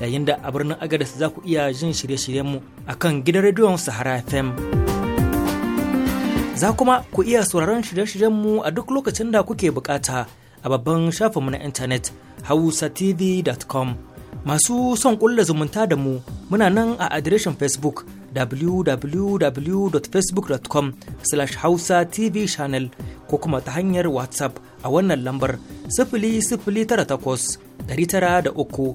yayin da a birnin agadas za ku iya jin shirye-shiryenmu a kan gidan rediyon sahara fm za kuma ku iya sauraron shirye-shiryenmu a duk lokacin da kuke bukata a babban shafinmu na intanet hausatv.com masu son kulla zumunta da mu muna nan a adireshin facebook www.facebook.com slash hausa tv channel ko kuma ta hanyar whatsapp a wannan lambar da uku.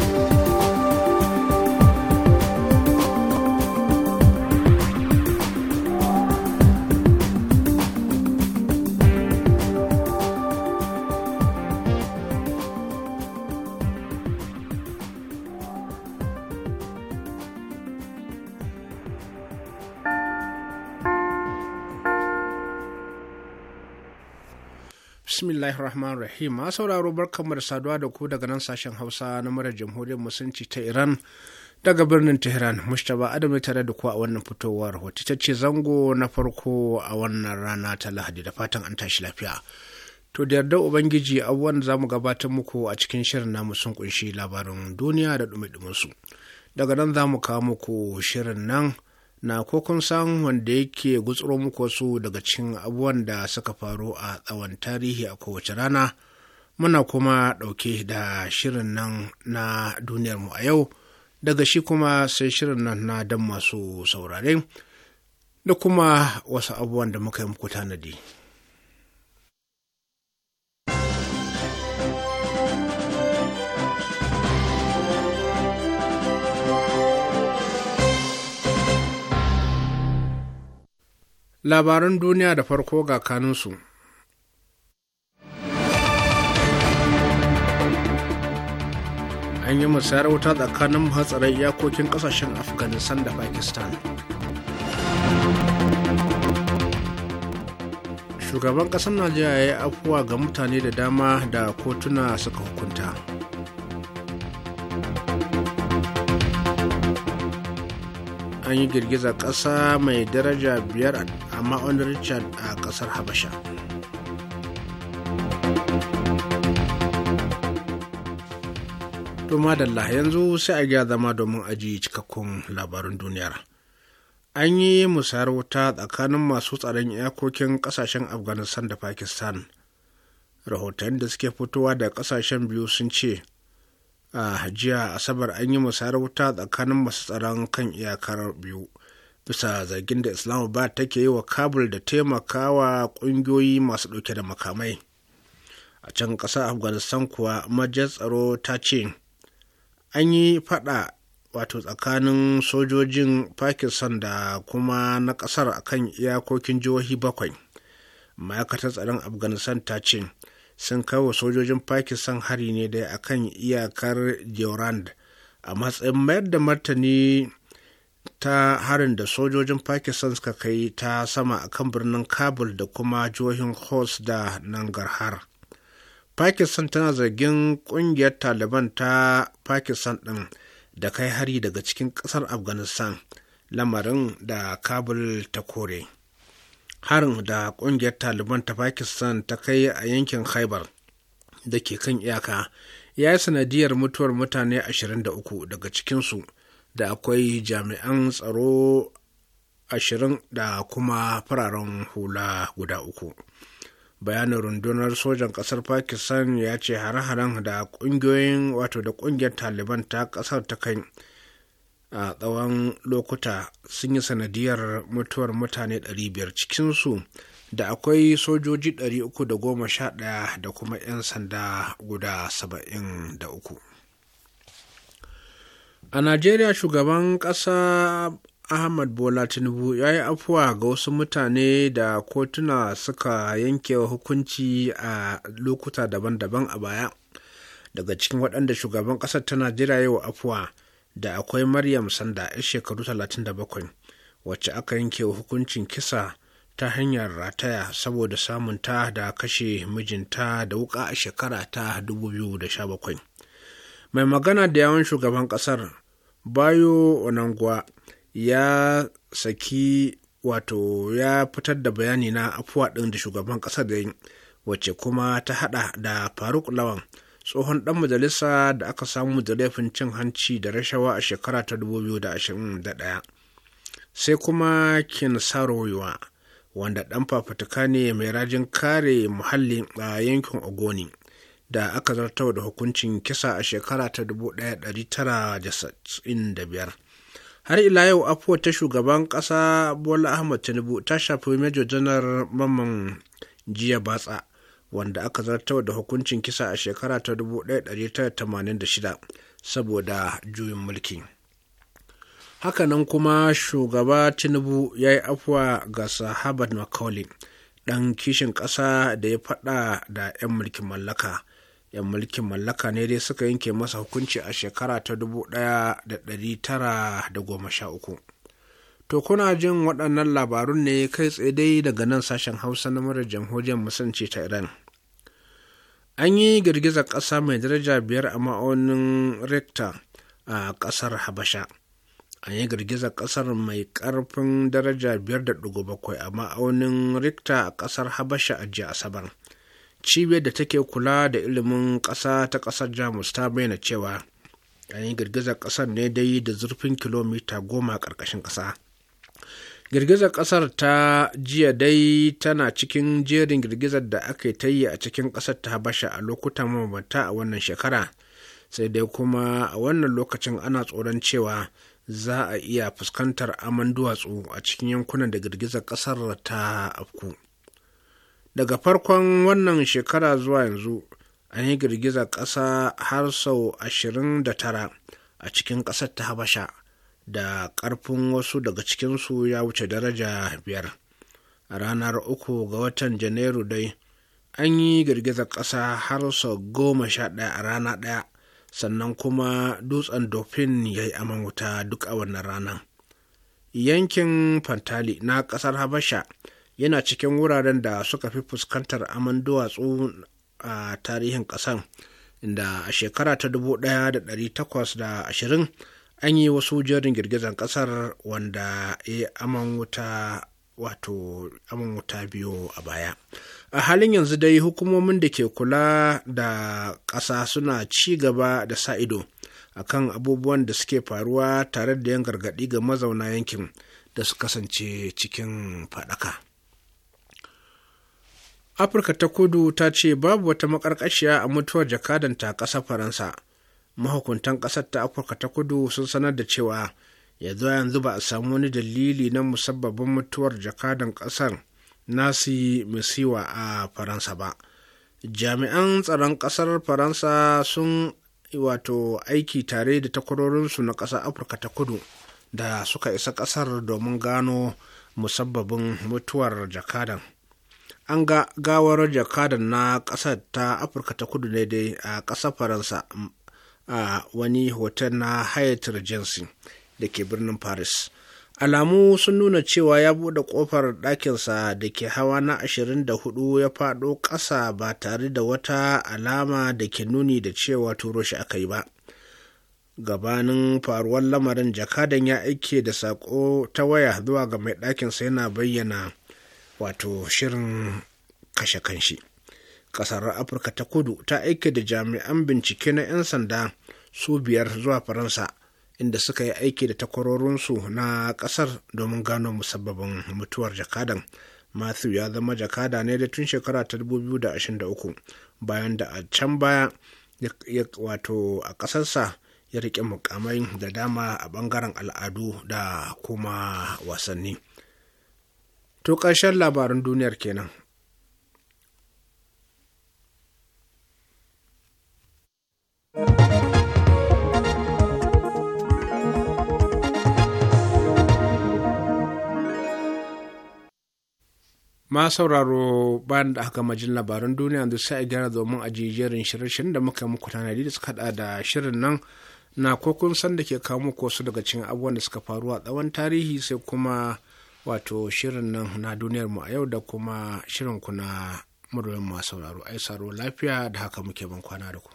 bismillahir rahmanir rahim a sauraro barkanmu da saduwa da ku daga nan sashen hausa na murar jamhuriyar musulunci ta iran daga birnin tehran mustapha adam tare da ku a wannan fitowar wata ce zango na farko a wannan rana ta lahadi da fatan an tashi lafiya to da yarda ubangiji abubuwan da za mu gabatar muku a cikin shirin namu sun kunshi labarin duniya da dumi su daga nan za mu kawo muku shirin nan na ko kun san wanda yake gutsuro muku wasu daga cikin abubuwan da suka faru a tsawon tarihi a kowace rana muna kuma ɗauke da shirin nan na duniyarmu a yau daga shi kuma sai shirin nan na dan masu saurare da kuma wasu abubuwan da muka yi muku tanadi. labaran duniya da farko ga kanunsu. an yi musayar wuta tsakanin hatsarin iyakokin ƙasashen afghanistan da pakistan shugaban ƙasar najeriya ya yi afuwa ga mutane da dama da kotuna suka hukunta an yi girgiza ƙasa mai daraja biyar a ma'aunin richard a ƙasar habasha Tuma da yanzu sai a gya zama domin ajiye cikakkun labarin duniyar. An yi musayar wuta tsakanin masu tsaron iyakokin ƙasashen Afghanistan da Pakistan. Rahotanni da suke fitowa da ƙasashen biyu sun ce a jiya asabar an yi musayar wuta tsakanin masu tsaron kan iyakar biyu bisa zargin da islamabad take yi wa kabul da taimakawa ƙungiyoyi masu ɗauke da makamai a can ƙasar afghanistan kuwa majiyar tsaro ta ce an yi faɗa wato tsakanin sojojin pakistan da kuma na ƙasar akan iyakokin jihohi bakwai ma'aikatar tsaron afghanistan ta ce sun kawo sojojin pakistan hari ne da akan iyakar jorand a matsayin mayar da martani ta harin da sojojin pakistan suka kai ta sama a kan birnin kabul da kuma jihohin homs da nangarhar pakistan tana zargin kungiyar taliban ta pakistan ɗin da kai hari daga cikin ƙasar afghanistan lamarin da kabul ta kore. harin da ƙungiyar taliban ta pakistan ta kai a yankin khaibar da ke kan iyaka ya yi sanadiyar mutuwar mutane 23 daga cikinsu da akwai jami'an tsaro 20 da kuma fararen hula guda uku bayanin rundunar sojan kasar pakistan ya ce hare-haren da kungiyoyin wato da kungiyar taliban ta kasar ta kai. a tsawon lokuta sun yi sanadiyar mutuwar mutane 500 cikinsu da akwai sojoji 311 da kuma 'yan sanda guda 73 a najeriya shugaban ƙasa ahmad bola tinubu ya yi afuwa ga wasu mutane da kotuna suka yankewa hukunci a lokuta daban-daban a baya daga cikin waɗanda shugaban ƙasar ta najeriya yi wa afuwa da akwai maryam sanda 'yar shekaru 37 wacce aka yanke hukuncin kisa ta hanyar rataya saboda samun ta da kashe mijinta da wuka a shekara ta 2017 mai magana da yawan shugaban kasar bayo onangwa ya saki wato ya fitar da bayani na afuwa ɗin da shugaban ƙasar da wacce kuma ta hada da faruk lawan tsohon ɗan majalisa da aka samu da laifin cin hanci da rashawa a shekara ta 2021 sai kuma kin sarowa wanda ɗan fafutuka ne mai rajin kare muhalli a yankin ogoni da aka zartar da hukuncin kisa a shekara ta 1995 har ila yau afuwa ta shugaban ƙasa bola ahmad tinubu ta shafi major janar mamman jiya batsa wanda aka zartar da hukuncin kisa a shekara ta 1986 saboda juyin mulki hakanan kuma shugaba tinubu ya yi afuwa ga sahabat macaulay ɗan kishin ƙasa da ya faɗa da 'yan mulkin mallaka 'yan mulkin mallaka ne dai suka yanke masa hukunci a shekara ta 1913 to kuna jin waɗannan labarun ne kai tsaye dai daga nan sashen hausa na murar jamhuriyar musanci ta iran an yi girgizar ƙasa mai daraja biyar a ma'aunin rector a ƙasar habasha an yi girgizar ƙasar mai ƙarfin daraja biyar da dugu bakwai a ma'aunin rector a ƙasar habasha a jiya asabar cibiyar da take kula da ilimin ƙasa ta ƙasar jamus ta bayyana cewa an yi girgizar ƙasar ne dai da zurfin kilomita goma a ƙarƙashin ƙasa girgizar ƙasar ta jiya dai tana cikin jerin girgizar da aka ta yi a cikin ƙasar ta habasha a lokutan mabambanta a wannan shekara sai dai kuma a wannan lokacin ana tsoron cewa za a iya fuskantar aman duwatsu a cikin yankunan da girgizar ƙasar ta afku daga farkon wannan shekara zuwa yanzu an yi girgizar ƙasa har sau ashirin da tara a cikin ƙasar ta habasha da ƙarfin wasu daga cikinsu ya wuce daraja biyar a ranar uku ga watan janairu dai an yi girgizar ƙasa har sau goma sha ɗaya a rana ɗaya sannan kuma dutsen dofin ya yi aman wuta duk a wannan ranar yankin fantali na ƙasar habasha yana cikin wuraren da suka fi fuskantar aman duwatsu a tarihin ƙasar inda a shekara ta 1820 an yi wasu jerin girgizar kasar wanda ya aman wuta wato aman wuta biyu a baya a halin yanzu dai hukumomin da ke kula da ƙasa suna ci gaba da sa ido a kan abubuwan da suke faruwa tare da yan gargaɗi ga mazauna yankin da su kasance cikin faɗaka afirka ta kudu ta ce babu wata makarkashiya a mutuwar jakadanta ƙasar faransa mahukuntan ƙasar ta afirka ta kudu sun sanar da cewa yanzu yanzu ba a samu wani dalili na musabbabin mutuwar jakadan ƙasar nasi misiwa a faransa ba jami'an tsaron ƙasar faransa sun wato aiki tare da takwarorinsu na ƙasar afirka ta kudu da suka isa ƙasar domin gano musabbabin mutuwar jakadan an ga gawar jakadan na ƙasar ta afirka ta kudu ne dai a ƙasar faransa a wani hoton na Hyatt Regency da ke birnin Paris. Alamu sun nuna cewa ya buɗe ƙofar ɗakinsa da ke hawa na 24 ya faɗo ƙasa ba tare da wata alama da ke nuni da cewa turo shi aka yi ba. gabanin faruwar lamarin jakadan ya aike da saƙo ta waya zuwa ga mai ɗakinsa yana bayyana wato shirin kashe kanshi ƙasar afirka ta kudu ta aike da jami'an bincike na 'yan sanda su biyar zuwa faransa inda suka yi aiki da takwarorinsu na kasar domin gano musabbabin mutuwar jakadan matthew ya zama jakada ne da tun shekara ta 2023 bayan da a can baya wato a ƙasarsa ya riƙe mukamai da dama a ɓangaren al'adu da kuma wasanni to ƙarshen labarin duniyar kenan thank you ma sauraro bayan da aka majin labaran duniya yanzu sai gyara domin a jerin shirye da muka muku tanadi da suka hada da shirin nan na ko kun san da ke kawo muku wasu daga cikin abubuwan da suka faru a tsawon tarihi sai kuma wato shirin nan na duniyar mu a yau da kuma shirin ku na muryoyin ma sauraro ai saro lafiya da haka muke ban kwana da ku.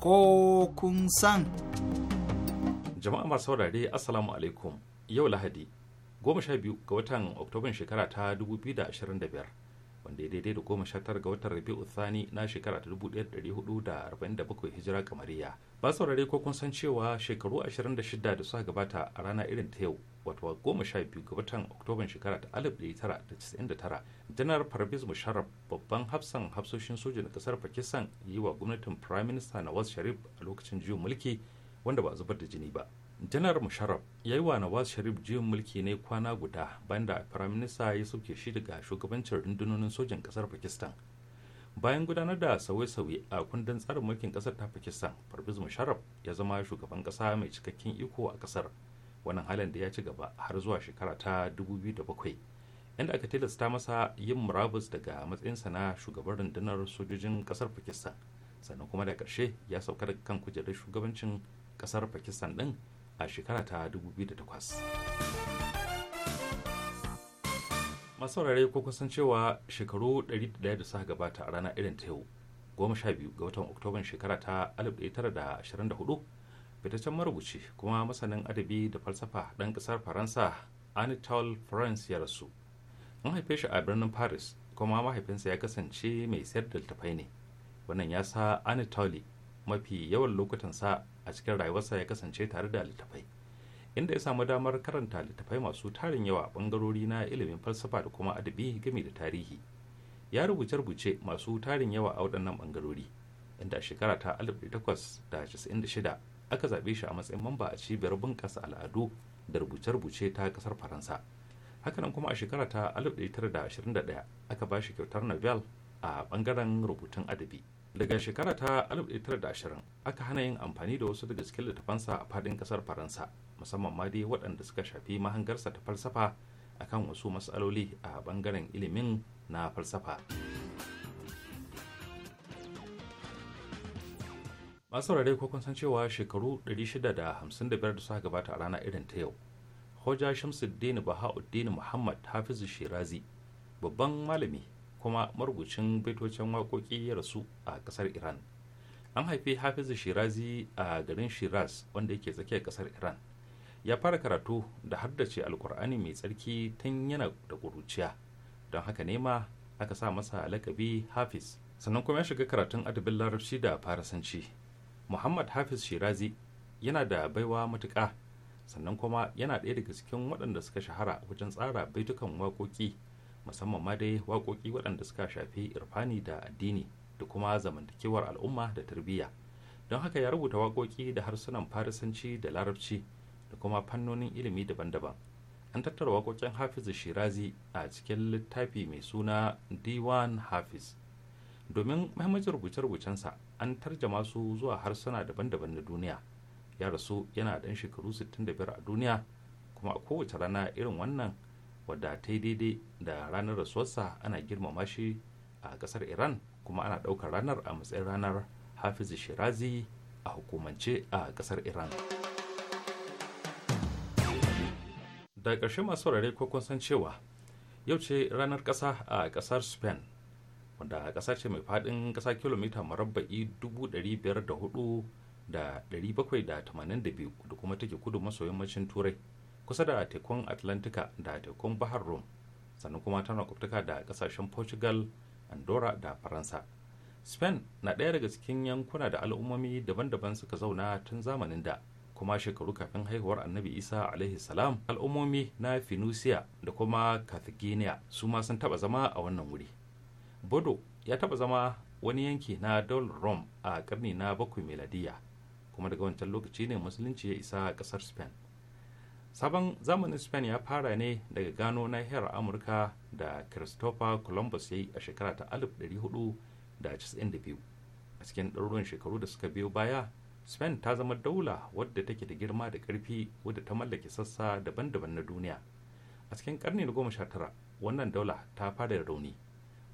Ko kun san. jama'a masu saurare assalamu alaikum yau lahadi goma sha biyu ga watan oktoban shekara ta 2025 wanda ya daidai da goma sha tara ga watan rabi'u thani na shekara ta 1447 hijira kamariya ba saurare ko kun san cewa shekaru 26 da suka gabata a rana irin ta yau wato goma sha biyu ga watan oktoban shekara ta 1999 janar parviz musharraf babban hafsan hafsoshin soja na kasar pakistan yi wa gwamnatin prime minister nawaz sharif a lokacin juyin mulki wanda ba zubar da jini ba janar musharraf ya yi wa nawaz sharif juyin mulki ne kwana guda bayan da firaminista ya sauke shi daga shugabancin rundunonin sojan kasar pakistan bayan gudanar da sauye-sauye a kundin tsarin mulkin kasar ta pakistan farbis musharraf ya zama shugaban kasa mai cikakken iko a kasar wannan halin da ya ci gaba har zuwa shekara ta 2007 inda aka tilasta masa yin murabus daga matsayinsa na shugaban rundunar sojojin kasar pakistan sannan kuma da karshe ya sauka daga kan kujerar shugabancin kasar pakistan din a shekara ta 2008 masu rarrai ko kusan cewa shekaru 101 da suka gabata a ranar irin ta yau goma ga watan oktoban shekara ta 1924 fitaccen marubuci kuma masanin adabi da falsafa ɗan ƙasar faransa anatole france ya rasu an haife shi a birnin paris kuma mahaifinsa ya kasance mai sayar da littafai ne wannan ya sa anatole mafi yawan lokutan sa. a cikin rayuwarsa ya kasance tare da littafai inda ya samu damar karanta littafai masu tarin yawa a bangarori na ilimin falsafa da kuma adabi game da tarihi ya rubuce-rubuce masu tarin yawa a waɗannan bangarori inda shekara ta 1896 aka zaɓe shi a matsayin mamba a cibiyar bunƙasa al'adu da rubuce-rubuce ta ƙasar faransa hakanan kuma a shekara ta 1921 aka ba shi kyautar nobel a ɓangaren rubutun adabi daga shekara ta 1920 aka hana yin amfani da wasu daga cikin littafansa a fadin kasar faransa musamman ma dai waɗanda suka shafi mahangarsa ta falsafa akan wasu matsaloli a bangaren ilimin na falsafa masu saurare ko kun san cewa shekaru 655 da suka gabata a rana irin ta yau hoja shamsuddin bahauddin muhammad hafizu shirazi babban malami kuma marubucin baitocin waƙoƙi ya rasu a ƙasar iran an haifi hafizu shirazi a garin shiraz wanda yake tsakiyar ƙasar iran ya fara karatu da haddace alkur'ani mai tsarki tun yana da ƙuruciya don haka ne ma aka sa masa lakabi hafiz sannan kuma ya shiga karatun adabin larabci da farasanci muhammad hafiz shirazi yana da baiwa matuka, sannan kuma yana ɗaya daga cikin waɗanda suka shahara wajen tsara baitukan waƙoƙi musamman ma dai waƙoƙi waɗanda suka shafi irfani da addini da kuma zamantakewar al'umma da tarbiyya don haka ya rubuta waƙoƙi da harsunan farisanci da larabci da kuma fannonin ilimi daban-daban an tattara waƙoƙin hafiz shirazi a cikin littafi mai suna diwan hafiz domin mahimmancin rubuce-rubucensa an tarjama su zuwa harsuna daban-daban na duniya ya rasu yana ɗan shekaru 65 a duniya kuma a kowace rana irin wannan wadda ta yi daidai da ranar rasuwarsa ana girmama shi a kasar iran kuma ana ɗaukar ranar a matsayin ranar hafiz shirazi a hukumance a kasar iran da ƙarshe masu rare ko kun san cewa yau ce ranar ƙasa a ƙasar spain wadda ƙasa ce mai faɗin ƙasa kilomita marabba'i 504 da 782 da kuma take kudu maso yammacin turai kusa da tekun atlantika da tekun bahar rum sannan kuma tana kwaftuka da kasashen portugal andorra da faransa spain na ɗaya daga cikin yankuna da al'ummomi daban-daban suka zauna tun zamanin da kuma shekaru kafin haihuwar annabi isa alaihi salam al'ummomi na finusiya da kuma carthaginia su ma sun taba zama a wannan wuri bodo ya taba zama wani yanki na daular rome a karni na bakwai meladiya kuma daga wancan lokaci ne musulunci ya isa ƙasar spain sabon zamanin spain ya fara ne daga gano nahiyar amurka da christopher columbus ya yi a shekara ta 1492 a cikin ɗaruruwan shekaru da suka biyo baya spain ta zama daula wadda take da girma da ƙarfi wadda ta mallake sassa daban-daban na duniya a cikin ƙarni na goma sha tara wannan daula ta fara rauni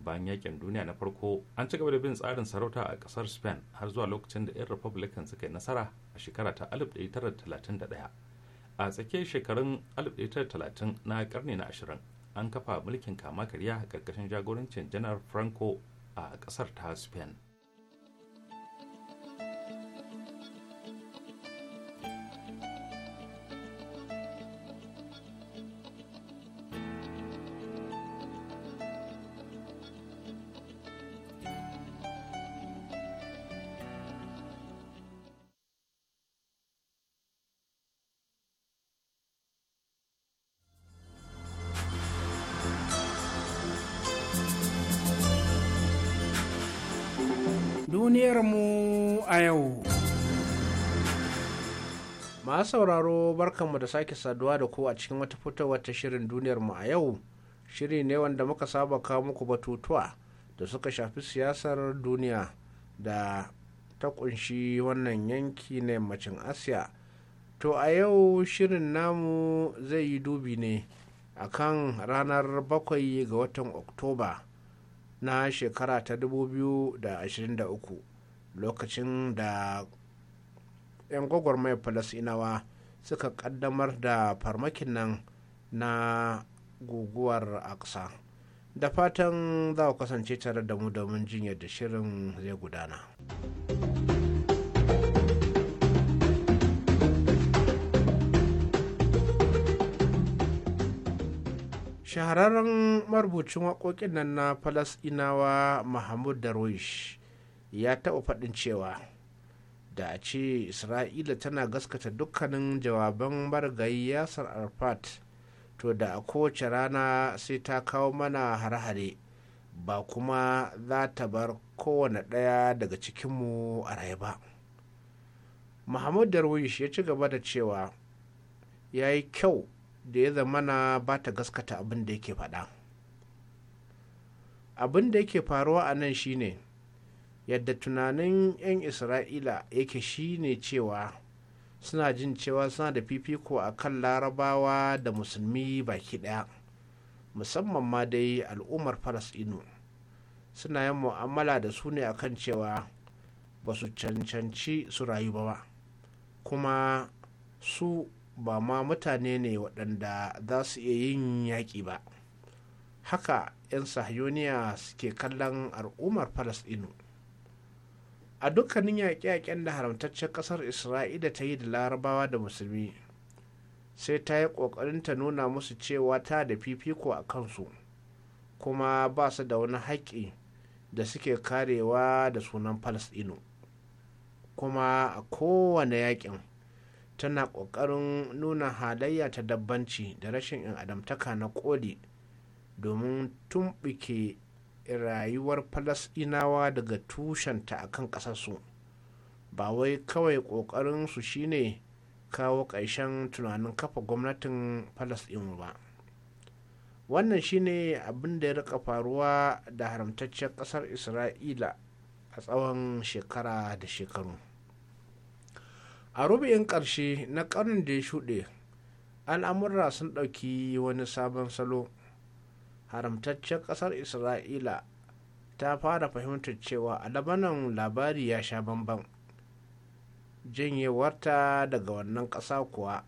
bayan yakin duniya na farko an ci gaba da bin tsarin sarauta a ƙasar spain har zuwa lokacin da 'yan republican suka yi nasara a shekara ta 1931 a tsakiyar shekarun 1930 na karni na 20 an kafa mulkin kama karya a ƙarƙashin jagorancin janar franco a ƙasar ta spain duniyarmu a yau. Masu sauraro barkanmu da sake saduwa da ku a cikin wata fitowar ta shirin duniyarmu a yau. Shiri ne wanda muka saba kawo muku batutuwa da suka shafi siyasar duniya da ta kunshi wannan yanki na yammacin Asiya. To a yau shirin namu zai yi dubi ne akan ranar bakwai ga watan Oktoba. na shekara ta 2023 lokacin da 'yan gwagwarmayar falasinawa suka kaddamar da farmakin nan na guguwar aksa da fatan za ku kasance tare da mu domin jin yadda shirin zai gudana. shahararren marubucin waƙoƙin nan na falasɗinawa mahmud darwish ya taɓa faɗin cewa da a ce isra'ila tana gaskata dukkanin jawaban marigayi yasar arfat to da a kowace rana sai ta kawo mana hare-hare ba kuma za ta bar kowane ɗaya daga cikinmu a rai ba mahmud darwish ya ci gaba da cewa ya yi kyau da ya zamana ba ta gaskata abin da yake faɗa abin da yake faruwa a nan shine yadda tunanin 'yan isra'ila yake ne cewa suna jin cewa suna da fifiko a kan larabawa da musulmi baki ɗaya musamman ma dai al'ummar falasɗinu suna yin mu'amala da su ne akan cewa ba su cancanci su rayu ba kuma su ba ma mutane ne waɗanda za su iya yin yaƙi ba haka 'yan sahiyoniya suke kallon al'ummar falasɗinu a dukkanin yaƙe-yaƙen da haramtaccen ƙasar isra'ila ta yi da larabawa da musulmi sai ta yi ƙoƙarin ta nuna musu cewa ta da fifiko a kansu kuma ba su da wani haƙƙi da suke karewa da sunan falasɗinu kuma a kowane yaƙin tana ƙoƙarin nuna halayya ta dabbanci da rashin in adamtaka na koli domin tumɓuke rayuwar falasɗinawa daga tushenta a kan ƙasarsu ba wai kawai su shine kawo ƙarshen tunanin kafa gwamnatin falasɗinu ba wannan shine abin da ya rika faruwa da haramtaccen ƙasar isra'ila a tsawon shekara da shekaru a rubin ƙarshe na ƙarnin da ya shuɗe al'amurra sun ɗauki wani sabon salo haramtaccen ƙasar isra'ila ta fara fahimtar cewa a labanan labari ya sha bamban janyewarta daga wannan ƙasa kuwa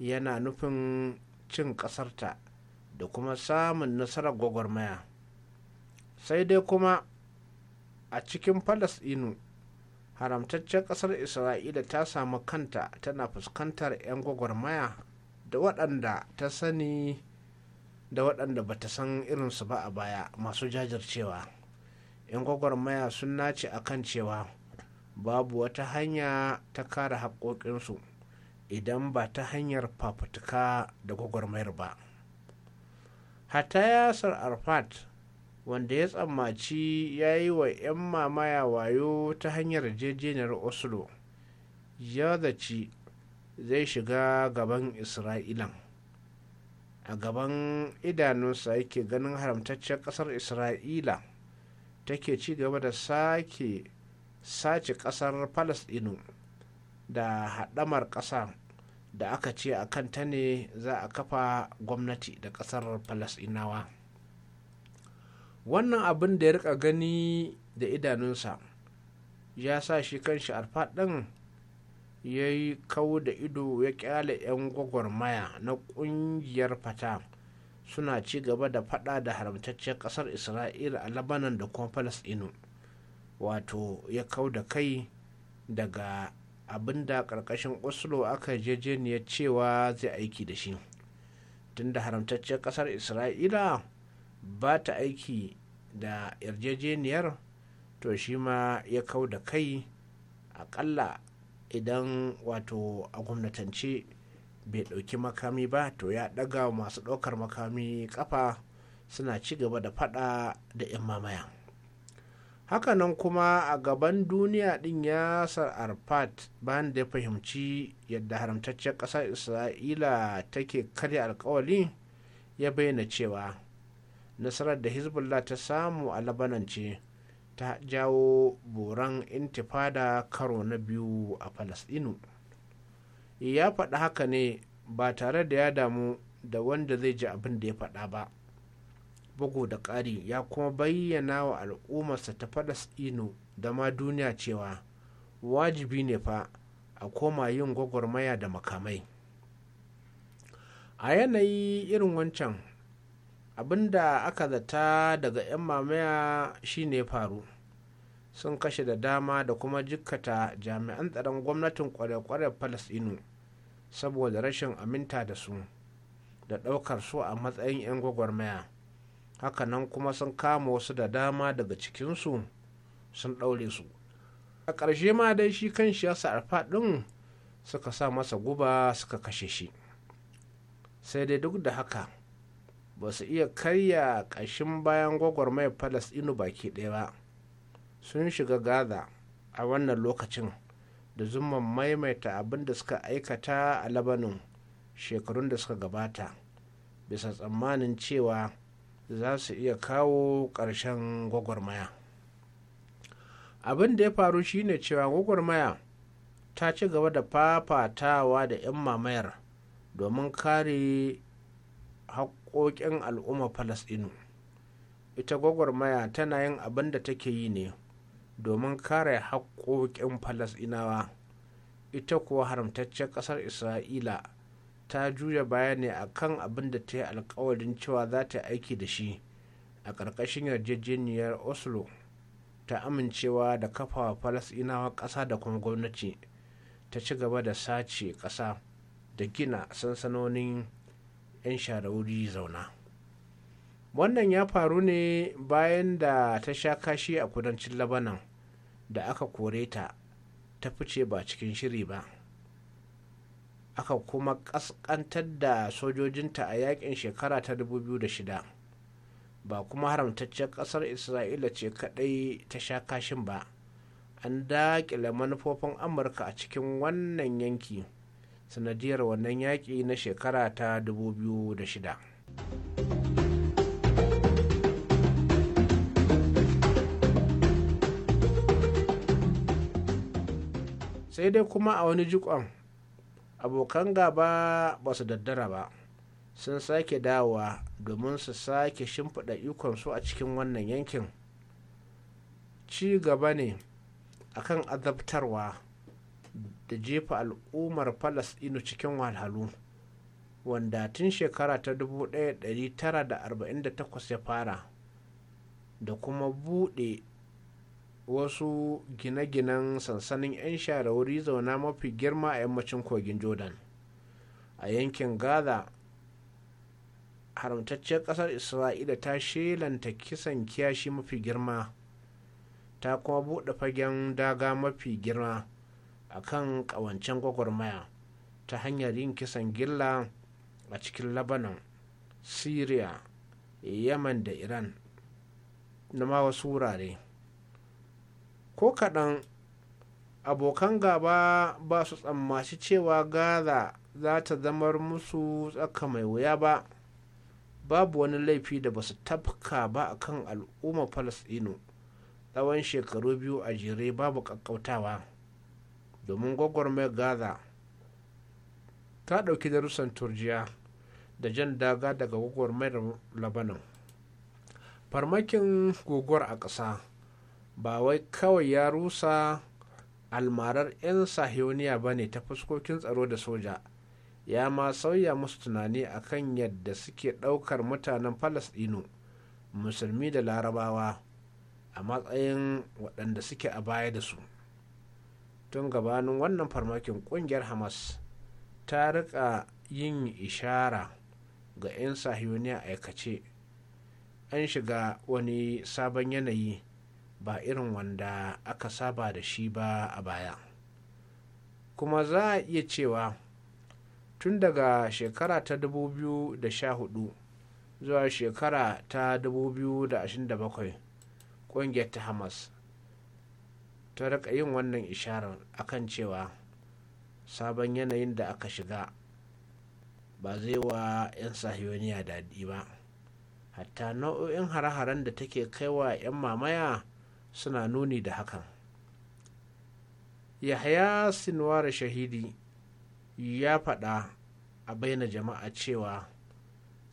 yana nufin cin ƙasarta da kuma samun nasarar gwagwarmaya sai dai kuma a cikin falasɗinu haramtaccen kasar isra'ila ta samu kanta tana fuskantar 'yan gwagwarmaya da waɗanda ta sani da waɗanda ba ta san irinsu ba a baya masu jajircewa 'yan gwagwarmaya sun nace a kan cewa babu wata hanya ta kare haƙoƙinsu idan ba ta hanyar fafutuka da gwagwarmayar ba hatta yasar arfat wanda ya tsammaci ya yi wa 'yan mamaya wayo ta hanyar jejeniyar oslo ya zaci zai shiga gaban isra'ilan a gaban idanunsa yake ganin haramtaccen kasar isra'ila take ci gaba da sake sace kasar palestino da haɗamar ƙasa da aka ce a kanta ne za a kafa gwamnati da ƙasar falasɗinawa wannan abin da ya rika gani da idanunsa ya sa shi kanshi alfaɗin ya yi kawo da ido ya kyale 'yan gwagwarmaya na ƙungiyar fata suna ci gaba da fada da haramtacciyar ƙasar isra'ila a labanan da kuma falasɗinu wato ya kau da kai daga abin da ƙarƙashin oslo aka jejeniyar cewa zai aiki da shi tunda haramtacciyar ƙasar isra'ila ba ta aiki da yarjejeniyar to shi ma ya kau da kai akalla idan wato a gwamnatance bai ɗauki makami ba to ya ɗaga masu ɗaukar makami ƙafa suna ci gaba da faɗa da 'yan mamaya hakanan kuma a gaban duniya ɗin ya sar arfat bayan da ya fahimci yadda haramtaccen ƙasar isra'ila take karya alkawali ya bayyana cewa nasarar da hezbollah ta samu a labanan ce ta jawo boran intifada karo na biyu a falasdinu ya faɗi haka ne ba tare da ya damu da wanda zai ji abin da ya faɗa ba bugu da ƙari ya kuma bayyana wa al'ummarsa ta falasdinu da ma duniya cewa wajibi ne fa a koma yin gwagwarmaya da makamai a yanayi irin wancan Abin da aka zata daga 'yan mamaya shine faru sun kashe da dama da kuma jikkata jami'an tsaron gwamnatin kware-kware palestino saboda rashin aminta da su da ɗaukar su a matsayin 'yan gwagwarmaya hakanan kuma sun kama wasu da dama daga cikinsu sun ɗaure su a ƙarshe ma dai shi kan shi yasa arfa ɗin suka sa masa guba suka kashe shi sai dai duk da haka ba su iya karya ƙashin bayan gwagwarmayar inu baki ɗaya ba sun shiga gaza a wannan lokacin da zuma maimaita abin da suka aikata a labanin shekarun da suka gabata bisa tsammanin cewa za su iya kawo ƙarshen gwagwarmaya abin da ya faru shine cewa gwagwarmaya ta ci gaba da fafatawa da 'yan mamayar domin kare haƙoƙin al'ummar falasɗinu ita gwagwarmaya tana yin abin da take yi ne domin kare haƙoƙin falasɗinawa ita kuwa haramtaccen ƙasar isra'ila ta juya baya ne a kan abin da ta yi alkawarin cewa za ta aiki da shi a ƙarƙashin yarjejeniyar oslo ta amincewa da kafawa falasɗinawa ƙasa da kuma gwamnati ta ci gaba da sace ƙasa da gina sansanonin 'yan share wuri zauna wannan ya faru ne bayan da ta sha kashi a kudancin labanan da aka kore ta ta fice ba cikin shiri ba aka kuma kaskantar da sojojinta a yakin shekara ta 2006 ba kuma haramtaccen ƙasar isra'ila ce kadai ta sha kashin ba an daƙile manufofin amurka a cikin wannan yanki sanadiyar wannan yaƙi na shekara ta 2006 sai dai kuma a wani jikon abokan gaba ba su daddara ba sun sake dawowa domin su sake shimfiɗa ikon su a cikin wannan yankin ci gaba ne akan azabtarwa da jefa al'ummar falasɗinu cikin walhalu wanda tun shekara ta 1948 ya fara da kuma buɗe wasu gine-ginen sansanin 'yan shara wuri zauna mafi girma a yammacin kogin jordan a yankin gaza haramtacciyar ƙasar isra'ila ta shelanta kisan kiyashi mafi girma ta kuma buɗe fagen daga mafi girma a kan ƙawancen gwagwarmaya ta hanyar yin kisan gilla a cikin labanon syria yaman da iran na ma wasu wurare ko kaɗan abokan gaba ba su tsammaci cewa gaza za ta zamar musu tsaka mai wuya ba babu wani laifi da ba su tafka ba a kan al'ummar falasɗinu tsawon shekaru biyu a jere babu ƙaƙƙautawa. domin gwagwarmayar gaza ta ɗauki darussan turjiya da jan daga daga gwagwarmayar labanan farmakin guguwar a ƙasa ba wai kawai ya rusa almarar 'yan sahioniya ba ne ta fuskokin tsaro da soja ya ma sauya musu tunani a kan yadda suke ɗaukar mutanen falasɗinu musulmi da larabawa a matsayin waɗanda suke a baya da su tun gabanin wannan farmakin kungiyar hamas ta rika yin ishara ga 'yan sahiyoniya aikace an shiga wani sabon yanayi ba irin wanda aka saba da shi ba a baya kuma za a iya cewa tun daga shekara ta 2014 zuwa shekara ta 2027 ƙungiyar ta hamas ta rika yin wannan isharar akan cewa sabon yanayin da aka shiga ba zai wa 'yan sahiyoniya daɗi ba hatta nau'o'in hare-haren da take wa 'yan mamaya suna nuni da hakan yahaya sinuwar shahidi ya faɗa a baina jama'a cewa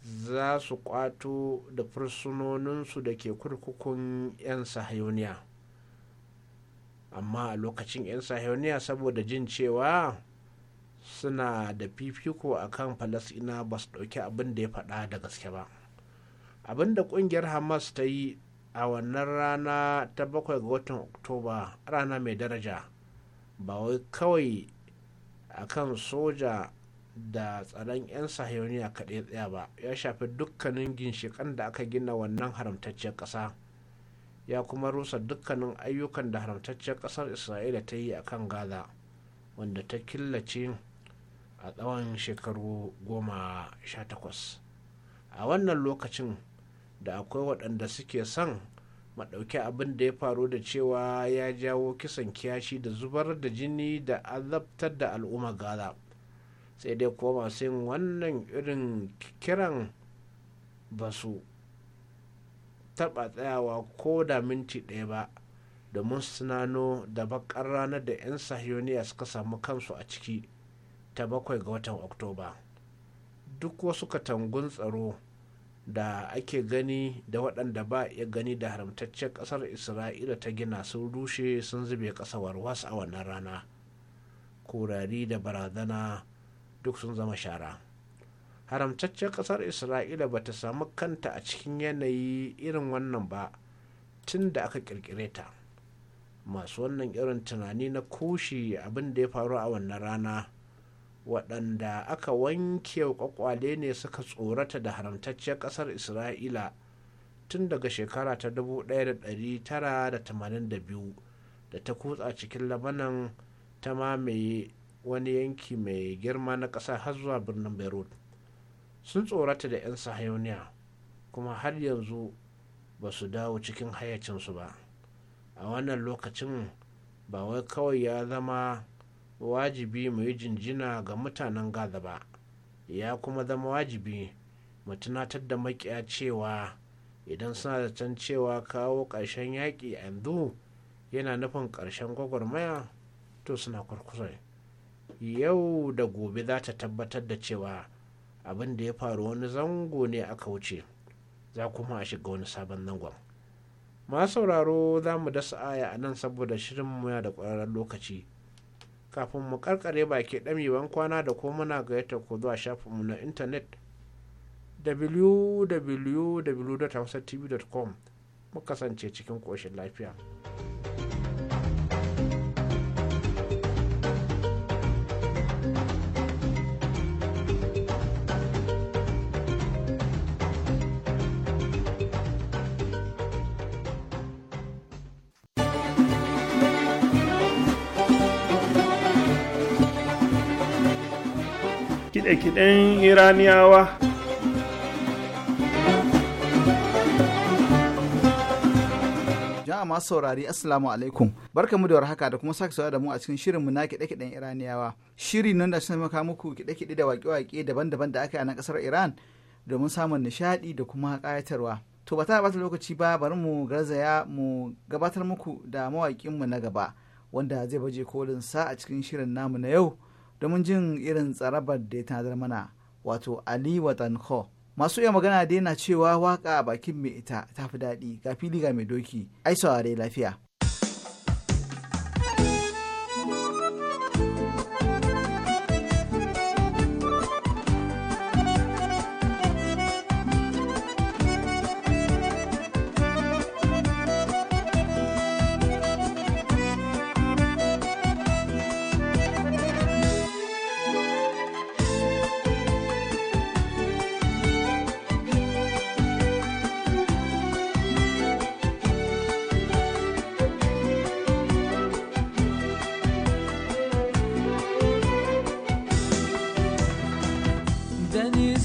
za su kwato da fursunoninsu da ke kurkukun 'yan sahayoniya amma a lokacin 'yan sahiyoniya saboda jin cewa suna da fifiko a kan falasina ba su ɗauki abin da ya faɗa da gaske ba abin da ƙungiyar hamas ta yi a wannan rana ta bakwai ga watan oktoba rana mai daraja ba wai kawai a kan soja da tsaron 'yan sahiyoniya kaɗai tsaya ba ya shafi dukkanin ginshiƙan da aka gina wannan haramtacciyar ƙasa ya kuma rusa dukkanin ayyukan da haramtacciyar ƙasar isra'ila ta yi a kan gaza wanda ta killace a tsawon shekaru goma sha takwas a wannan lokacin da akwai waɗanda suke son maɗauki abin da ya faru da cewa ya jawo kisan kiyashi da zubar da jini da azabtar da al'umma gaza sai dai kuma masu yin wannan irin kiran basu taba tsayawa ko da minti ɗaya ba domin sunano da bakar ranar da 'yan sahiyoniya suka samu kansu a ciki ta bakwai ga watan oktoba duk wasu katangun tsaro da ake gani da waɗanda ba iya gani da haramtaccen ƙasar isra'ila ta gina sun rushe sun zube ƙasawar wasu a wannan rana kurari da barazana duk sun zama shara. haramtaccen ƙasar isra'ila ba ta samu kanta a cikin yanayi irin wannan ba tun da aka ƙirƙire ta masu wannan irin tunani na kushi abin da ya faru a wannan rana waɗanda aka wanke kwakwale ne suka tsorata da haramtacciyar ƙasar isra'ila tun daga shekara ta 1982 da ta kutsa cikin labanan ta mamaye wani yanki mai girma na ƙasa har zuwa birnin beirut sun tsorata da 'yan sahayoniya kuma har yanzu ba su dawo cikin hayyacinsu ba a wannan lokacin ba wai kawai ya zama wajibi mu yi jinjina ga mutanen gaza ba ya kuma zama wajibi mu tunatar da makiya cewa idan suna da can cewa kawo ƙarshen yaƙi a yanzu yana nufin ƙarshen gwagwarmaya to suna kurkusa yau da gobe za ta tabbatar da cewa abin da ya faru wani zango ne aka wuce za kuma a shiga wani sabon zangon ma sauraro za mu dasa aya a nan saboda shirin mu da ƙwararren lokaci kafin mu karkare baki ɗamewan kwana da ko muna gayyata ko zuwa shafinmu na intanet www.hausatv.com mu kasance cikin ƙoshin lafiya. kiɗe-kiɗen iraniyawa jama'a masu saurari assalamu alaikum barkamu da warhaka da kuma sake da mu a cikin shirinmu na kiɗe-kiɗen iraniyawa shiri nan da shi maka muku kiɗe-kiɗe da waƙe-waƙe daban-daban da aka yi a nan ƙasar iran domin samun nishaɗi da kuma ƙayatarwa to ba ta bata lokaci ba bari mu garzaya mu gabatar muku da mawaƙinmu na gaba wanda zai baje kolin sa a cikin shirin namu na yau domin jin irin tsarabar da ya tanadar mana wato ali watan ho masu iya magana dai na cewa waka a bakin mai ita ta fi daɗi ga fili ga mai doki ai saurare lafiya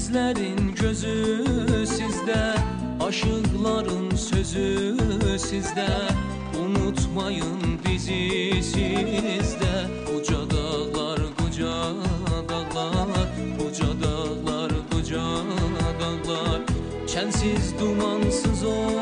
Sizlerin gözü sizde Aşıkların sözü sizde Unutmayın bizi sizde Koca dağlar koca dağlar Koca dağlar koca dağlar Çensiz dumansız o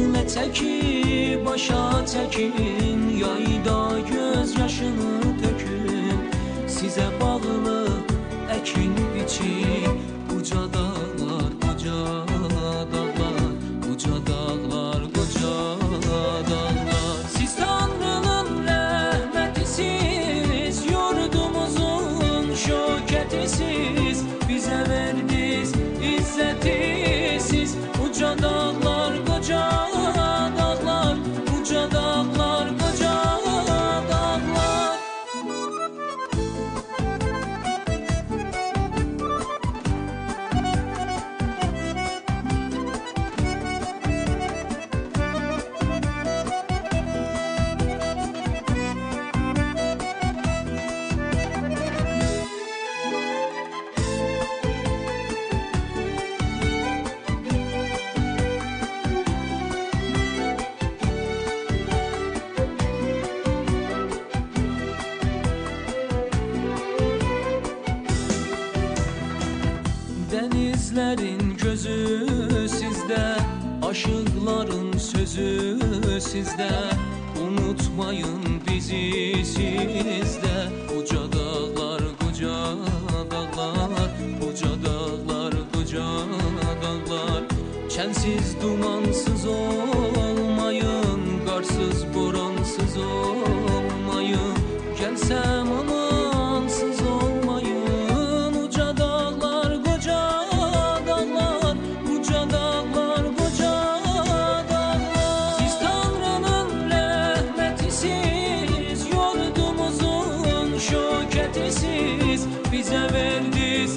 Üzülmə təki, başa təkin Yayda göz yaşını tökün Sizə bağlı əkin biçin sensiz bize verdiz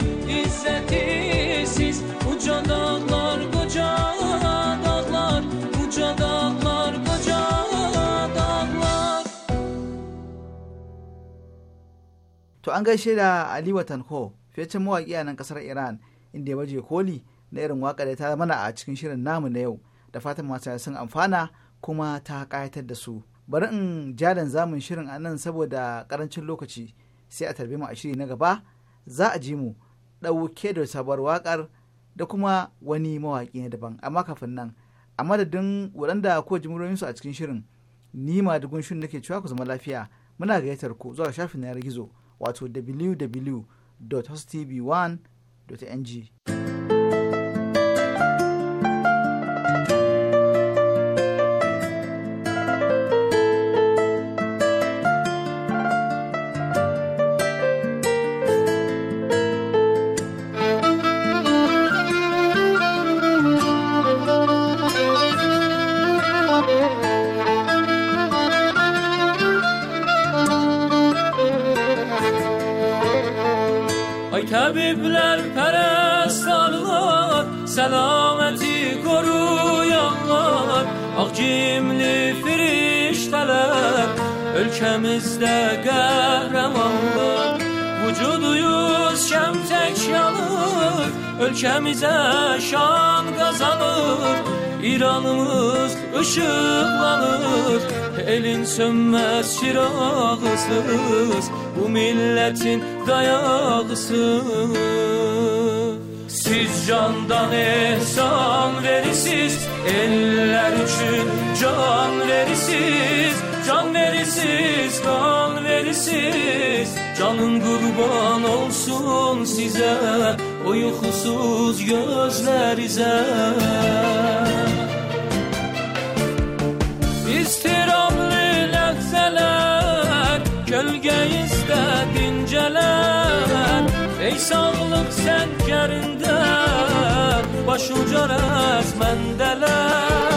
uca dağlar koca dağlar Uca dağlar koca dağlar To an gaishe da Ali Watanko fiyacen mawaƙi a nan ƙasar Iran inda ya baje koli na irin waƙa da ta mana a cikin shirin namu na yau da fatan masu sun amfana kuma ta ƙayatar da su. bari in jadan zamun shirin a nan saboda ƙarancin lokaci sai a tarbe mu a shiri na gaba za a ji mu ɗauke da sabuwar waƙar da kuma wani mawaƙi na daban amma kafin nan a madadin waɗanda ko su a cikin shirin ni ma dugun shirin nake cewa ku zama lafiya muna gayyatar ku zuwa shafin na yanar gizo wato www.hostv1.ng. bizde kahramanlık Vücuduyuz şemtek yanır Ülkemize şan kazanır İranımız ışıklanır Elin sönmez çırağısız Bu milletin dayağısı Siz candan ehsan verisiz Eller için can verisiz Can verisiz, kan verisiz Canın kurban olsun size Uykusuz gözlerize İstirablı lehzeler Gölge istedi inceler Ey sağlık sen kerinde Başuca resmendeler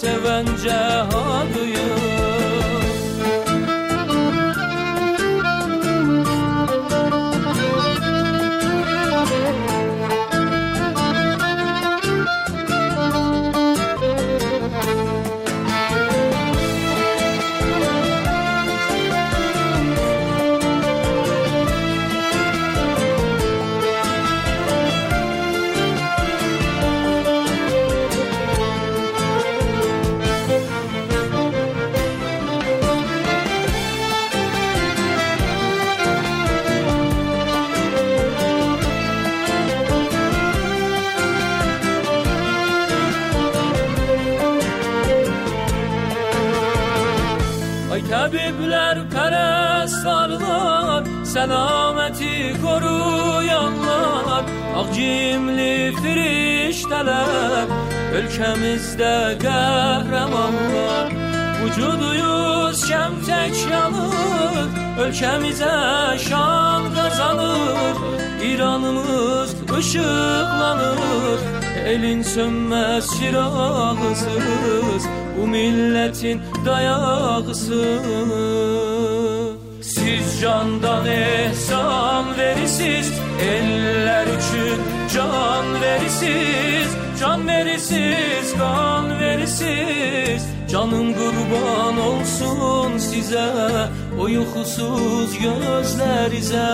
seven cehadıyım selameti koruyanlar Akcimli firişteler Ülkemizde kahramanlar Vücuduyuz şemtek yanır Ülkemize şan kazanır İranımız ışıklanır Elin sönmez çırağısız Bu milletin dayağısız siz candan ehsan verisiz Eller için can verisiz Can verisiz, kan verisiz Canım kurban olsun size O uykusuz gözlerize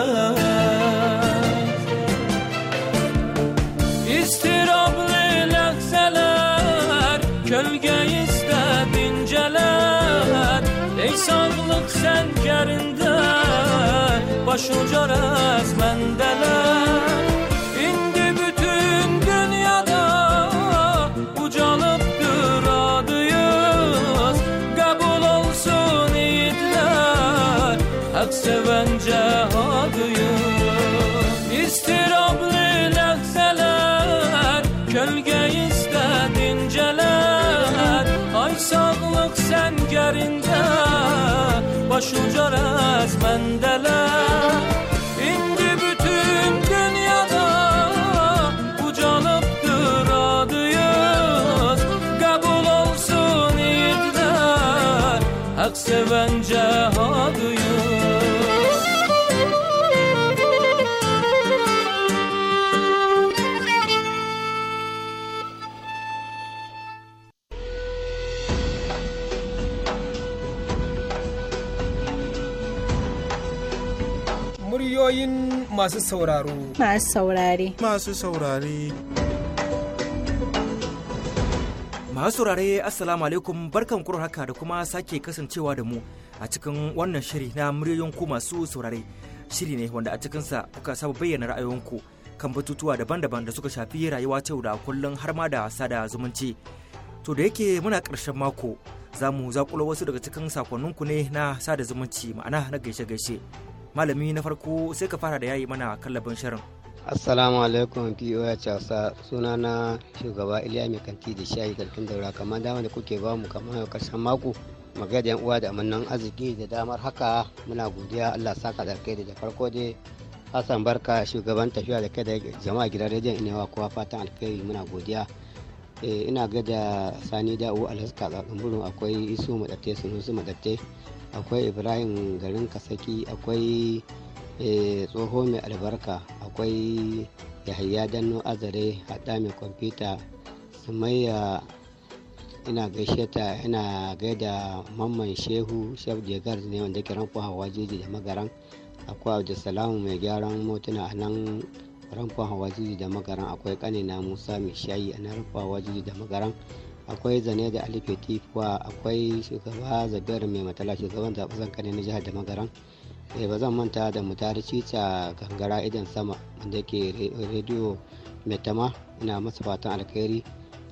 Sağlık sen səngərində Baş uca rəzməndələr İndi bütün dünyada Ucalıbdır adıyız Kabul olsun idlər Həq sevən cəhadıyız İstirablı ləxzələr Kölgə istədin cələr Ay sen səngərində baş ucar ezmendele İndi bütün dünyada ucalıptır adıyız Kabul olsun iddiler hak seven cehadıyız masu sauraro. Masu saurare. Masu saurare. Masu saurare Assalamu alaikum barkan kurar haka da kuma sake kasancewa da mu a cikin wannan shiri na muryoyin ku masu saurare. Shiri ne wanda a cikinsa kuka saba bayyana ra'ayoyinku kan batutuwa daban-daban da suka shafi rayuwa ta da kullum har ma da sada zumunci. To da yake muna ƙarshen mako za mu zakulo wasu daga cikin sakonninku ne na sada zumunci ma'ana na gaishe-gaishe. malami na farko sai ka fara da yayi mana kallabin shirin assalamu alaikum poa casa suna na shugaba iliya mai kanti da shayi karfin daura kamar dama da kuke ba mu kamar karshen mako magana da yan uwa da amannan arziki da damar haka muna godiya allah saka da kai da farko dai hassan barka shugaban tafiya da kai da jama'a gidan rediyon inewa kowa fatan alkhairi muna godiya eh, ina gada sani da'u alhaska tsatsin burin akwai iso madatte sunusu madatte akwai ibrahim garin kasaki akwai eh, tsoho mai albarka akwai yahaya danno azare hada mai kwamfuta sumayya ina gaishe ta ina gaida mamman shehu shef jegar ne wanda ke ranko hawa jeji da magaran akwai abdulsalamu mai gyaran motuna a nan ranko hawa da magaran akwai kanina musa mai shayi a nan ranko hawa da magaran akwai zane da alife tifuwa akwai shugaba zabiyar mai matala shugaban zaɓen kane na jihar da magaran eh, ba zan manta da mutari cica gangara idan sama wanda ke rediyo metama ina masa fatan alkhairi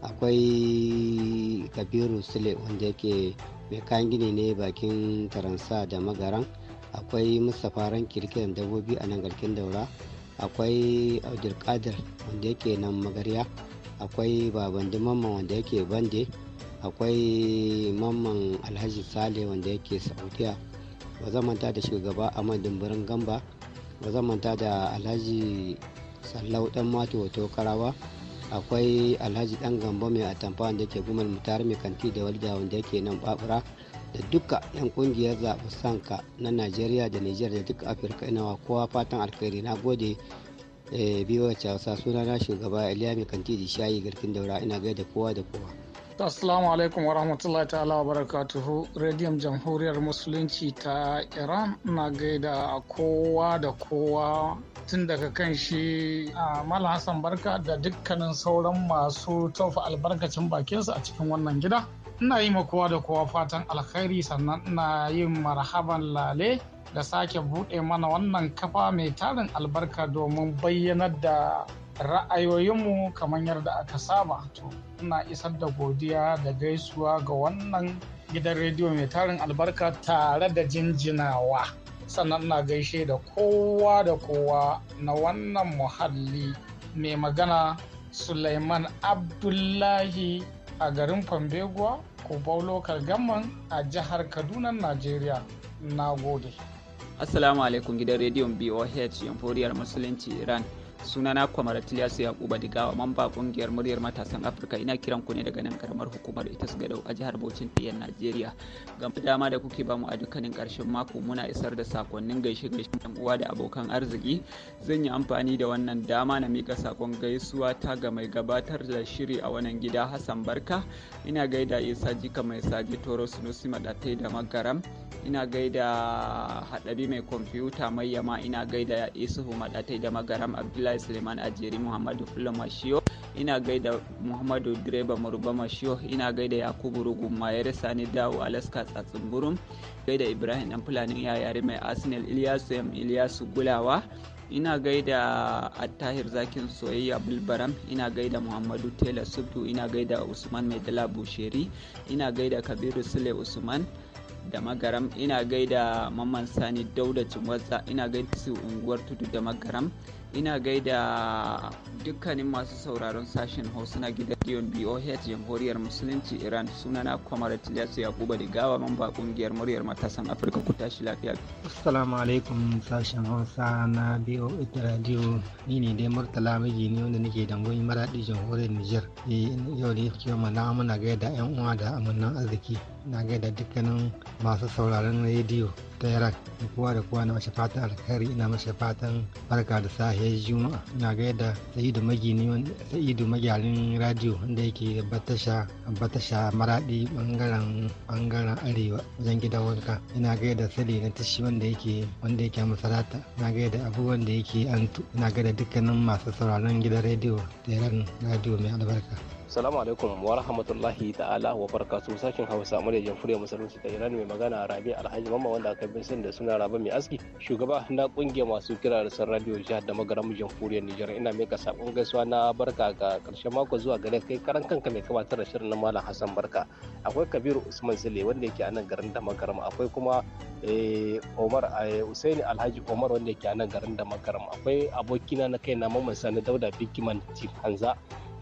akwai kabiru sule wanda yake mai kayan gini ne bakin taransa da magaran akwai mustapha ran kirkiran dabbobi a nan garkin daura akwai abdulkadir wanda yake nan magariya. akwai babandi mamman wanda yake bande akwai mamman alhaji sale wanda yake saudiya ba zan manta da shugaba ahmad dimbirin gamba ba zan manta da alhaji sallau dan mato wato karawa akwai alhaji dan gamba mai atamfa wanda yake gumal mutar mai kanti da walda wanda yake nan babura da duka yan kungiyar zaɓi sanka na najeriya da nijar da duka afirka ina kowa fatan alkhairi na gode Eh, a hausa suna na shugaba iliya kanti da shayi garkin daura ina gaida kowa da kowa Assalamu alaikum warahmatullahi ta'ala wa barakatuhu Radiyon Jamhuriyar Musulunci ta Iran na gaida kowa da kowa tun daga kan shi a Mala Hassan Barka da dukkanin sauran masu tofa albarkacin bakinsu a cikin wannan gida. ina yi ma kowa da kowa fatan alkhairi sannan ina yin marhaban lale da sake buɗe mana wannan kafa mai tarin albarka domin bayyanar da ra'ayoyinmu kamar yadda aka saba to ina isar da godiya da gaisuwa ga wannan gidan rediyo mai tarin albarka tare da jinjinawa sannan na gaishe da kowa da kowa na wannan muhalli mai magana suleiman abdullahi a garin Fambeguwa, ko Local Gamman a jihar Kaduna, Najeriya. Na gode. Assalamu alaikum gidan rediyon BOH Yamforiyar Musulunci Iran. sunana kwamar tiliyasu yakuba digawa mamba kungiyar muryar matasan afirka ina kiran ku ne daga nan karamar hukumar ita su gadau a jihar bauchin tiyan najeriya ga dama da kuke bamu a dukkanin karshen mako muna isar da sakonnin gaishe gaishe yan uwa da abokan arziki zan yi amfani da wannan dama na mika sakon gaisuwa ta ga mai gabatar da shiri a wannan gida hassan barka ina gaida isa jika mai saje toro sunusi madatai da magaram ina gaida haɗabi mai kwamfuta mai yama ina gaida isuhu madatai da magaram abdullahi Abdullahi Suleiman Ajeri Muhammadu Fulla Mashiyo ina gaida Muhammadu Direba Maruba Mashiyo ina gaida Yakubu Rugun Mayere Sani Dawo Alaska Tsatsunburum gaida Ibrahim Dan Fulani yare mai Arsenal Ilyasu M Ilyasu Gulawa ina gaida attahir zakin soyayya bulbaram ina gaida muhammadu tela subdu ina gaida usman mai dala busheri ina gaida kabiru sule usman da magaram ina gaida mamman sani dauda cin ina gaida su unguwar tudu da magaram ina gaida dukkanin masu sauraron sashen hausa na gidan diyon boh jamhuriyar musulunci iran sunana kwamar ya kuba da gawa mamba kungiyar muryar matasan afirka ku tashi lafiya assalamu alaikum sashen hausa na boh radio ni ne dai murtala miji ne wanda nake dangoyi maraɗi jamhuriyar niger eh, yau da yake mana muna gaida yan uwa da amannan arziki na gaida dukkanin masu sauraron rediyo ta yaran da kowa da kowa na mashi fatan alkhairi ina mashi fatan barka da sahiyar juma'a ina gaida sa'idu magini sa'idu magyarin radio wanda yake batasha batasha maradi bangaren bangaren arewa wajen gidan wanka ina gaida sali na tashi wanda yake wanda yake masarata ina gaida abu wanda yake antu ina gaida dukkanin masu sauraron gidan rediyo ta yaran radio mai albarka Salamu alaikum wa rahmatullahi ta'ala wa su sashen Hausa mu da jamhuriyar musulunci ta Iran mai magana Rabi Alhaji Mamman wanda aka bin sun da suna Rabi mai aski shugaba na kungiyar masu kira da san radio jihar da magaram jamhuriyar Nijar ina mai ka sakon gaisuwa na barka ga karshen mako zuwa gare kai karan kanka mai kamatar da shirin na Malam Hassan Barka akwai Kabiru Usman Sule wanda yake a nan garin da magaramu akwai kuma eh, Omar eh, Usaini Alhaji Omar wanda yake a nan garin da magaramu akwai abokina na kai na Mamman Sani Dauda Bikiman Chief Hanza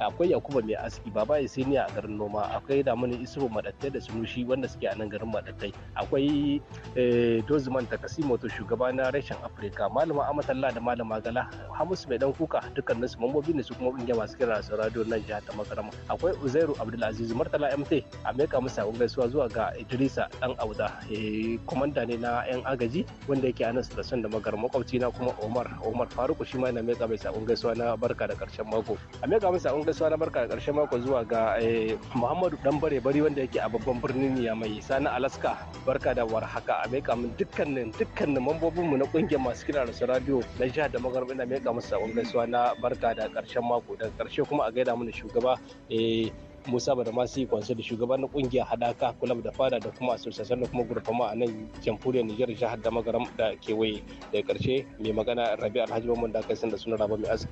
akwai yakuba mai aski baba isiniya a garin noma akwai da damani isufu madattai da sunushi wanda suke a nan garin madattai akwai eh, dozuman takasi to shugaba na reshen afirka malama amatalla da malama gala hamisu mai dan kuka dukkanin su mambobi ne su kuma kungiyar masu kira su radio nan jihar ta makarama akwai uzairu abdulaziz martala mt a meka musa gaisuwa zuwa ga idrisa dan auda eh, komanda ne na yan agaji wanda yake a nan station da magar makwabci na kuma omar omar faruku shi ma yana meka mai gaisuwa na barka da karshen mako a meka mai sakon gaisuwa na barka da ƙarshen mako zuwa ga eh, Muhammadu Dan Bare Bari wanda yake a babban birnin Yamai Sani Alaska barka da warhaka a meka min dukkanin dukkanin mambobin mu na kungiyar masu kira da su radio na jihar da magharbin da meka musu sakon gaisuwa na barka da ƙarshen mako daga ƙarshe kuma a gaida mana shugaba eh, Musa masu yi kwanso da shugaban na kungiyar Hadaka Kulab da Fada da kuma Asusasan da kuma Gurfama a nan jamhuriyar Nijar jihar da magaram da kewaye da karshe mai magana Rabi Alhaji Mamman da aka da suna Raba Mai Aski.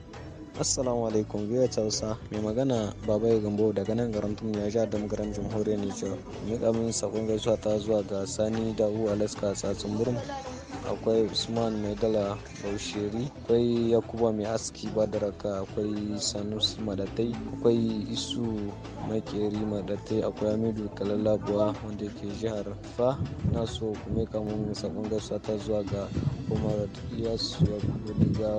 assalamu alaikum biyu hausa mai magana baba ya gambo daga nan garin tum ya sha damgaran jamhuriyar nijar miƙa min sakon gaisuwa ta zuwa ga sani da uwa alaska tsatsun burin akwai usman mai dala bausheri akwai yakuba mai aski badaraka akwai sanusi madatai akwai isu makeri madatai akwai hamidu kalalabuwa wanda ke jihar fa na so kuma kamun sakon gaisuwa ta zuwa ga umar iyasu ya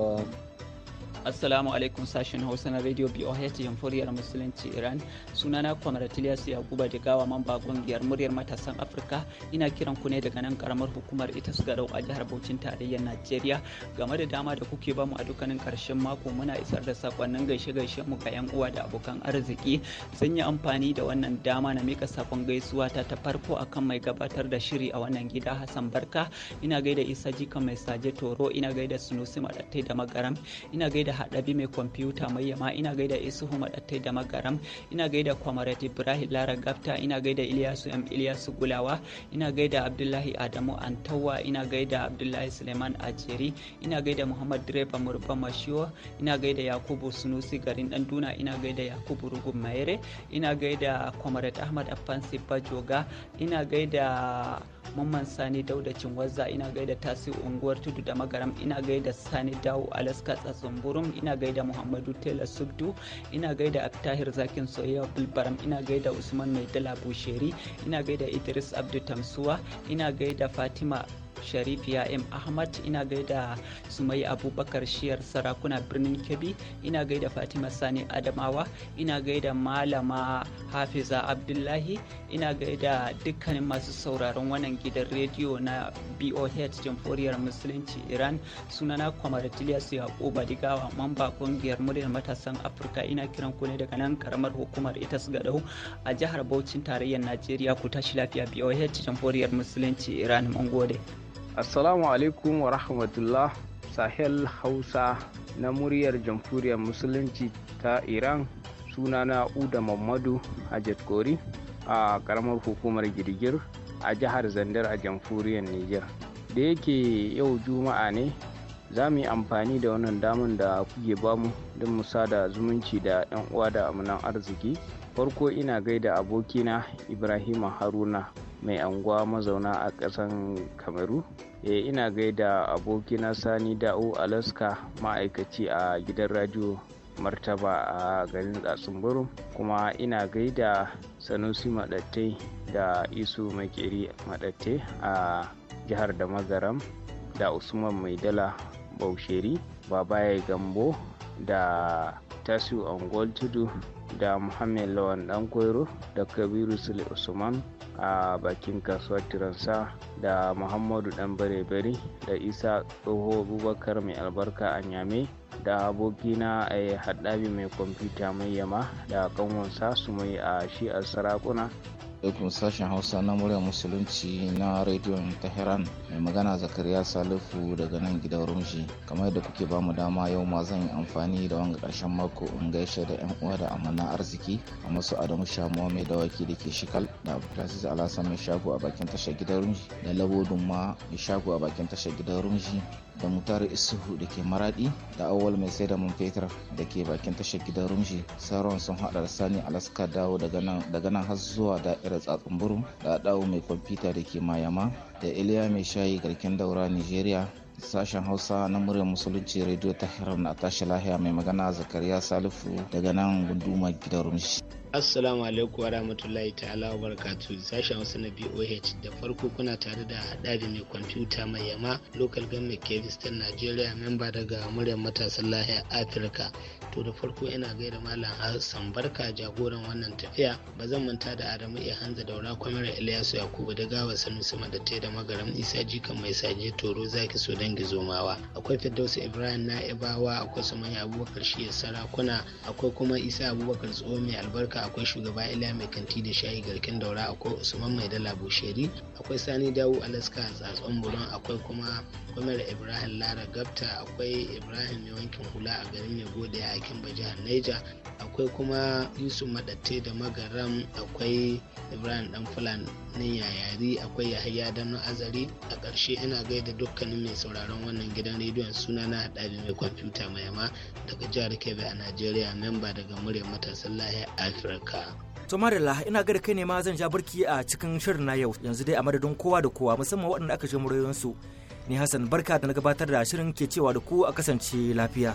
Assalamu alaikum sashen Hausa na Radio BOH Jamhuriyar Musulunci Iran. Sunana Kwamar Tiliyasu Yakuba da gawa mamba kungiyar muryar matasan Afirka. Ina kiran ku ne daga nan karamar hukumar ita su Garau a jihar Bauchin tarayyar Najeriya. Game da dama da kuke bamu a dukkanin karshen mako muna isar da sakonnin gaishe gaishe mu ga yan uwa da abokan arziki. Zan yi amfani da wannan dama na mika sakon gaisuwa ta ta farko akan mai gabatar da shiri a wannan gida Hassan Barka. Ina gaida Isa Jika mai saje Toro, ina gaida Sunusi Madattai da Magaram, ina gaida hada haɗabi mai kwamfuta mai yama ina gaida isuhu madattai da magaram ina gaida kwamarat ibrahim lara gafta ina gaida iliyasu m iliyasu gulawa ina gaida abdullahi adamu antawa ina gaida abdullahi suleiman ajeri ina gaida muhammad direba murba mashiwa ina gaida yakubu sunusi garin dan duna ina gaida yakubu rugun mayere ina gaida kwamarat ahmad afansi bajoga ina gaida mamman sani daudacin wazza ina gaida tasiri unguwar tudu da magaram ina gaida sani dawo alaska tsatsun Kulsum ina gaida Muhammadu Tela Subdu ina gaida Abtahir Zakin Soyayya Bulbaram ina gaida Usman Mai Dala Busheri ina gaida Idris Abdu Tamsuwa ina gaida Fatima sharifiya m ahmad ina gaida sumai abubakar shiyar sarakuna birnin kebbi ina gaida fatima sani adamawa ina gaida malama hafiza abdullahi ina gaida dukkanin masu sauraron wannan gidan rediyo na boh jamhuriyar musulunci iran sunana kwamar julius yakuba digawa mamba kungiyar muryar matasan afirka ina kiran ku ne daga nan karamar hukumar ita su gadau a jihar bauchin tarayyar najeriya ku tashi lafiya boh jamhuriyar musulunci iran mun gode Assalamu alaikum wa rahmatullah Sahel Hausa na muryar jamhuriyar Musulunci ta Iran sunana Uda Mamadu Hajat Kori a karamar hukumar girgir a jihar Zandar a jamhuriyar Nijar. Da yake yau Juma'a ne za mu yi amfani da wannan damar da kuke bamu don musa da zumunci da 'yan uwa da amunan arziki. Farko ina gaida abokina ibrahim Haruna mai anguwa mazauna a ƙasan kamaru e, ina gaida abokina sani da'o alaska ma'aikaci a gidan radio martaba a garin tsatsunburu kuma ina gaida sanusi maɗattai da isu makeri maɗattai a jihar da magaram da usman maidala bausheri babaye gambo da tasiu angol tudu da muhammed lawan dan da kabiru sule usman a bakin kasuwar tiransa da muhammadu dan bare-bare da isa tsoho abubakar mai albarka a nyame da abokina a eh, haɗabi mai kwamfuta mai yama da kanwansa su mai a shi a sarakuna alaikum sashen hausa na murya musulunci na rediyon tahiran mai magana zakariya salifu daga nan gidan rumshi kamar yadda kuke bamu dama yau ma zan yi amfani da wanga karshen mako in gaishe da yan uwa da amana arziki a masu adamu shamuwa mai dawaki da ke shikal da abdulaziz alhassan mai shago a bakin tashar gidan rumshi da labodin ma mai shago a bakin tashar gidan rumshi da mutaru isuhu da ke maradi da awal mai sai da man fetur da ke bakin tashar gidan rumshi sauran sun hada da sani alaska dawo daga nan har zuwa da'irar tsatsun burum da dawo mai kwamfuta da ke mayama da iliya mai shayi garken daura nigeria sashen hausa na muryar musulunci radio ta hiram na tashi lahiya mai magana zakariya salifu daga nan gunduma gidan rumshi Assalamu alaikum wa rahmatullahi ta'ala wa barakatu sashen wasu na BOH da farko kuna tare da haɗari mai kwamfuta mai yama local government kebis ta Najeriya memba daga muryar matasan lahiya Afirka. To da farko ina gaida Malam Hassan Barka jagoran wannan tafiya ba zan manta da Adamu da Daura Kwamar Ilyasu Yakubu da Gawa Sanusi Madatai da Magaram Isa Jika Mai Saje Toro Zaki so gizo Gizomawa. Akwai Firdausi Ibrahim Na'ibawa akwai Sumaya Abubakar Shiyar Sarakuna akwai kuma Isa Abubakar Tsoho Mai Albarka akwai shugaba Iliya mai kanti da shayi garkin Daura akwai Usman mai dala Busheri akwai Sani Dawu Alaska tsatson Buron akwai kuma kwamar Ibrahim Lara Gabta akwai Ibrahim mai wankin hula a garin mai gode a Kimba jihar Niger akwai kuma Yusuf Madatte da Magaram akwai Ibrahim Dan Fulani yayari akwai Yahaya Dano Azari a ƙarshe ina gaida dukkanin mai sauraron wannan gidan rediyon suna na haɗari mai kwamfuta mai daga jihar Kebe a Najeriya memba daga murya matasan lahiyar Amurka. To Marilla, ina ga kai ne ma zan ja barki a cikin shirin na yau yanzu dai a madadin kowa da kowa musamman waɗanda aka je su Ni Hassan barka da na gabatar da shirin ke cewa da ku a kasance lafiya.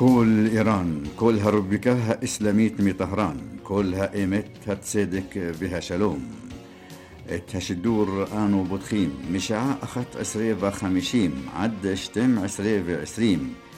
كل إيران كلها ربكها إسلاميت مي طهران كلها إيمت هتسيدك بها شلوم الدور آنو بطخيم مشاع أخت عسري وخمشيم عد شتم عسري وعسريم